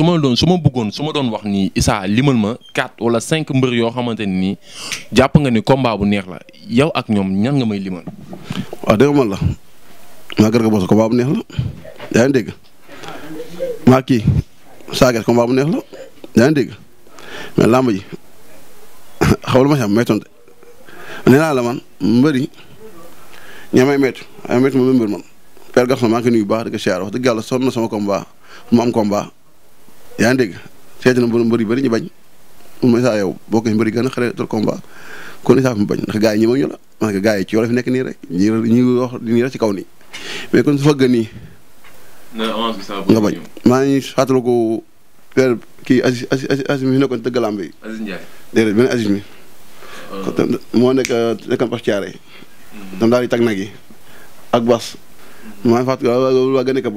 su ma doon su ma bëggoon su ma doon wax nii Issa limal ma quatre wala cinq mbër yoo xamante ne nii jàpp nga ni combat bu neex la yow ak ñoom ñan nga may limal. waaw dégg man la maa Garga Mbossé combat bu neex la yaa ngi neex la yaa làmb ji xaw ma si am may tonte naa la man mbëri ña may métti ay métti moom mbër man Père Gaston maa ngi koy nuyu bu baax di ko siyaar wax dëgg yàlla sonn na sama combat mu am combat. yaa ngi dégg na mbër yu bëri ñu bañ mun ma saa yow boo koy mbëri gën a xale combat kon Issa mu bañ ndax gaa yi nekk nii rek ñi ñi wax nii ci kaw nii mais kon su fëgg nii. nga bañ maa ngi fàttaliku père kii Aziz Aziz Aziz mi fi nekkoon dëgg yi. Euh. Euh, mm-hmm. tag nag yi ak bas. Mm-hmm. maa ngi fàttaliku waa waa gën a nekk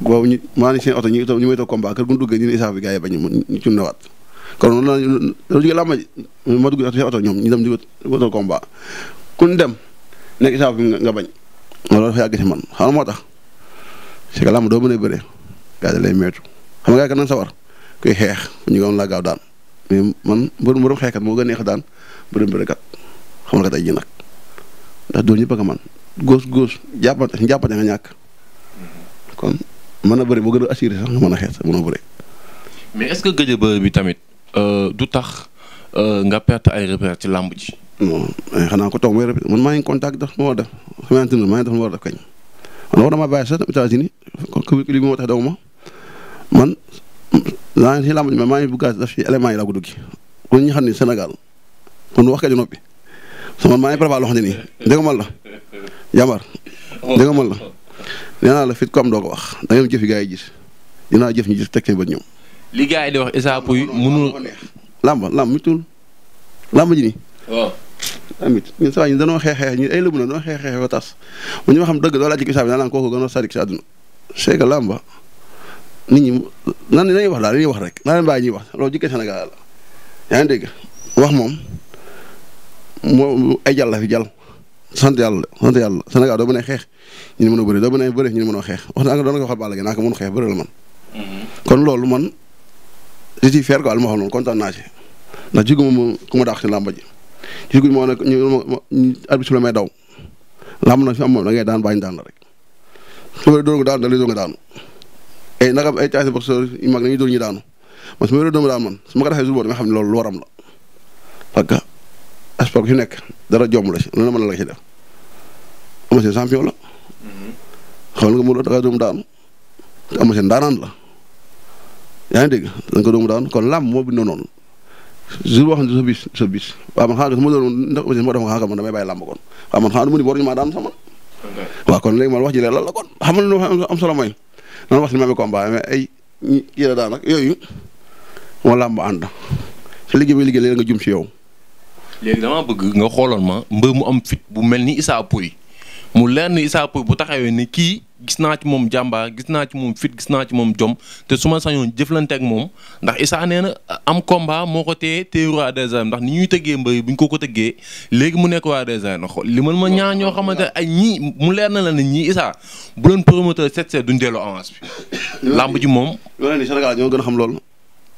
boobu ñu maa ngi seen oto ñu ñu may toog combat kër gu ñu duggee ñu ne isaaf bi gars yi bañ ñu cun nawaat kon la loolu jóge làmba ji ma dugg seen oto ñoom ñu dem di wutoo combat ku ñu dem nekk isaaf man xam nga moo que làmb doo mën a bëree gars lay meetu xam nga gars yi nan xeex ñu ngi am la man mbër mbërum xeexkat moo gën a neex daan mbërum bërekat xam nga tey ji nag ndax doo ñëpp a ko man goos góos jàppante jàppante nga ñàkk mën a bëri boo gën sax nga mën a xeex mën a bëri. est-ce que gëj bëri bi tamit euh, du tax euh, nga ay repères làmb ji. non xanaa ko toog may répété man maa ngi contact daf ma war a maa ngi def ma war a def kañ. man war damaa man daa ngi maa ngi bëgg a def si éléments yi laa ko kon ñi xam ne Sénégal kon wax ka ju noppi so man maa ngi préparé loo xam ne nii dégg nga la jàmbaar dégg nga la. nee naa la fit ko am doo ko wax da ngeen jëf yi gars yi gis dinaa jëf ñu gis teg seen bët ñoom. li yi di wax Issa Pouye mënul làmb làmb mi tuul làmb ji nii. waaw. amit ñun saa ñu dañoo xeex xeex ñu ay lëbu na dañoo xeex xeex ba tas ba ñu xam dëgg loolaa ci Issa bi daan koo kooku gën a sadik si àdduna c'est que làmb nit ñi nan la ñuy wax daal li ñuy wax rek naa leen bàyyi ñuy wax loo jikkee Sénégal la yaa ngi dégg wax moom moo ay la fi jàll sant yàlla sant yàlla Sénégal doo mën a xeex ñu mën a bëri doo mën a bëri ñu mën a xeex wax na nga doon ko waxal Balla Gaye naa ko mën xeex bëri la man. Mm-hmm. kon loolu man li ciy faire quoi li ma xam noonu kontaan naa ci ndax jiguma ma ku ma daax ci làmba ji jiguma ma ne ñu arbitre la may daw làmb na fi am moom da ngay daan bàyyi daan la rek su ma doon daan da lay doon nga daanu ay eh, naka ay caasi boxeur yu mag dañuy doon ñu daanu man su ma doon daan man su ma ko defee su boobaa dama xam ne loolu lu waram la espoir ku ci nekk dara jomb la ci loolu mën na la ci def Eumeu Sène champion la. Mm-hmm. xool nga da ngaa doomu daanu te Eumeu Sène daanaan la yaa ngi dégg da nga ko doomu kon làmb moo bindoo noonu jour boo xam ne sa bis sa bis waaw man xaaral ma doon ndax Eumeu kon waaw man ñu maa daan sama. waaw kon léegi man wax ji leer la kon xam nga lu am solo mooy noonu wax ma amee combat mais ay kii la daan ak yooyu moo lamb ànd ci liggéey bi liggéey léeg nga jum ci yow léegi damaa bëgg nga xooloon ma mbër mu am fit bu mel ni Issa Pouye mu leer ni Issa Pouye bu taxawee ni kii gis naa ci moom jàmbaar gis naa ci moom fit gis naa ci moom jom te su ma sañoon jëflante ak moom ndax Issa nee na am combat moo ko te téye roi des ndax ni ñuy tëggee mbër yi bu ñu ko ko tëggee léegi mu nekk roi des arènes li man ma ñaa ñoo xamante ay ñii mu leer na la ne ñii Issa bu leen promoteur set set duñ delloo avance bi. làmb ji moom. loolu la ni ñoo gën a xam loolu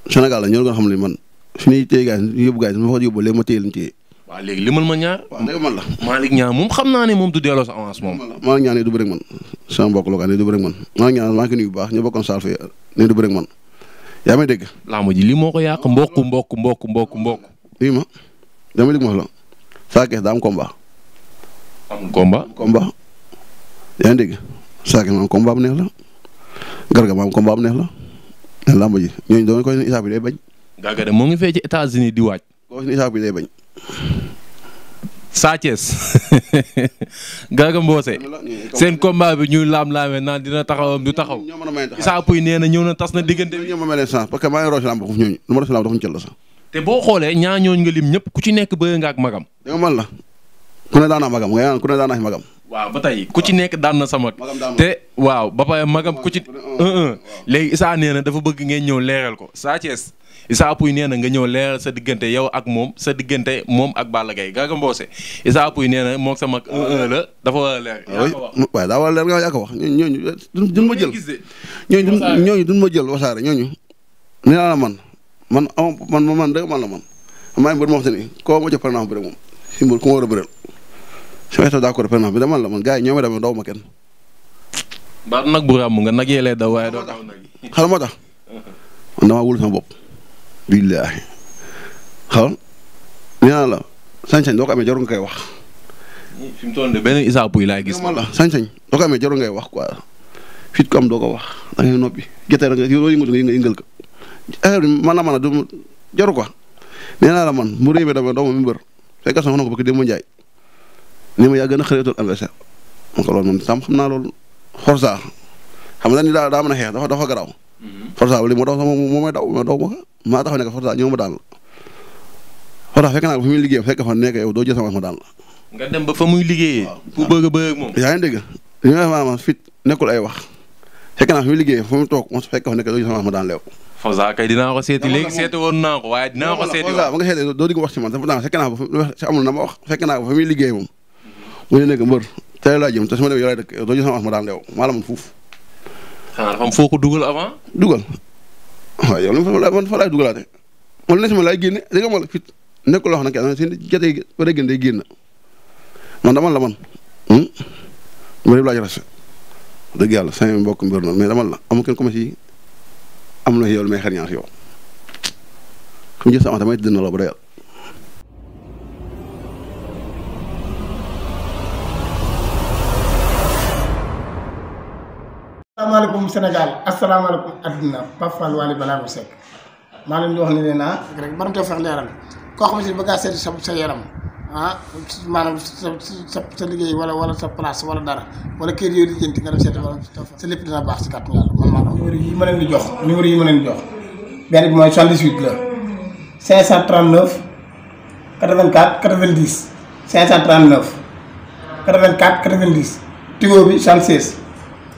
Sénégal la ñoo xam li man su ñuy téye gars yi yóbbu gars yi ma fa yóbbu léegi ma téye ma ñaar waaw léegi moom xam naa ne moom du delloo sa avance moom Malick Niang ne du man sama mbokk local ne du man Malick Niang maa ngi ko nuyu bu baax ñu bokkoon saal fi ne du man yaa may dégg laamu ji li moo ko yàq mbokk mbokk mbokk mbokk mbokk lii ma dama dégg ma la yaa ngi dégg Sa Thiès ma am combat bu neex Garga ma am combat bu neex la ji ñooñu doon koy isaab bi day Gaga moo ngi fee ci États-Unis di waaj. koo xam ne Issa Pouye day bañ. Sa Thiès bi ñuy laam-laamee naan dina taxawam du taxaw Issa Pouye nee na ñëw na tas na diggante bi ñoom ma leen chance parce que maa ngi roose lamb foofu ñooñu lu ma roose lamb dafa ñu la te boo xoolee ñaa ñooñu nga lim ñëpp ku ci nekk bëgg nga ak magam da la ku ne daanaa magam nga yaan ku ne daanaa magam waaw ba tey ku ci nekk daan na sama te waaw ba pare magam ku ci léegi Issa nee na dafa bëgg ngeen ñëw leeral ko Sa Thiès Issa Pouye nee na nga ñëw leeral sa diggante yow ak moom sa diggante moom ak Balla Gaye mboose Mbossé Issa Pouye nee na moog sama 1 la dafa war a leer ah daa war a leer nga yaa wax ñooñu duñ ma jël ñooñu ñooñu duñ ma jël wasaare ñooñu nee naa la man man man man dëgg man la man am naa mbër moo xam ne nii koo ma jox par exemple bëri moom si war a bëreel su ma d'accord vraiment bi dama man gars yi ñoom dama daw ma nag bu ràmm nga nag yee lay daw waaye doo daw nag yi. xam moo tax nga koy wax. fi mu toll nii benn Issa Pouye laay gis. la sañ-sañ doo ko amee jarul ngay wax quoi fit ko am doo ko wax da ngay noppi gerte rek nga yëngal ko affaire bi man la man a du jaru quoi nee mu réew mi dama doo ma mi mbër fekk sax ma ko bëgg dem ni ma yaa gën a xëreetul adversaire ma ko loolu moom tam xam naa loolu forsa xam nga ni daa daa mën a xeex dafa dafa garaaw. Mhm. forsa li ma daw sama moom mooy daw ma daw ma ko maa tax ne ko forsa ñëw ma daal forsa fekk naa ko fi muy liggéeyam fekk fa nekk yow doo jël sama ma daal. nga dem ba fa muy liggéeyee. pour bëgg a bëgg ak moom. yaa ngi dégg li nga xam fit nekkul ay wax fekk naa fi muy liggéey fu mu toog moom fekk fa nekk doo jël sama ma daan leew. Forza kay dinaa ko seeti léegi seeti woon naa ko waaye dinaa ko seeti. Forza ba nga seetee doo di ko wax ci man dafa daan fekk naa ko fa amul na ma wax fekk naa ko fa muy liggéey moom mu ne nekk mbër tey laa ma demee yow laay dëkk doo jël la mën fuuf. xanaa dafa foo ko dugal avant. dugal waaw yow li ma la man fa laay dugalaatee man li si ma laay génne dégg nga ma la fit nekkul loo xam ne kenn seen jotee gi ba day génn day génn man dama la man. Hmm? ma yëpp laaj respect dëgg yàlla sama mbokk mbër noonu mais dama la amul kenn comme si am na yow li may xar ñaar yow xam nga sa wax damay dënn la bu asalaamaaleykum Sénégal asalaamaaleykum adduna Pape Fall Waly Ballago Seck maa leen di wax ne leen ah rek mën nga fex leeral koo xam ne ba ngaa seeti sa sa yaram ah maanaam sa sa sa liggéey wala wala sa place wala dara wala kër yooyu lijjanti nga dem seeti wala sa lépp dina baax si kàttan yàlla man maa numéro yi ma leen di jox numéro yi ma leen di jox benn bi mooy 78 la 539 84 90 539 84 90 tigo bi 76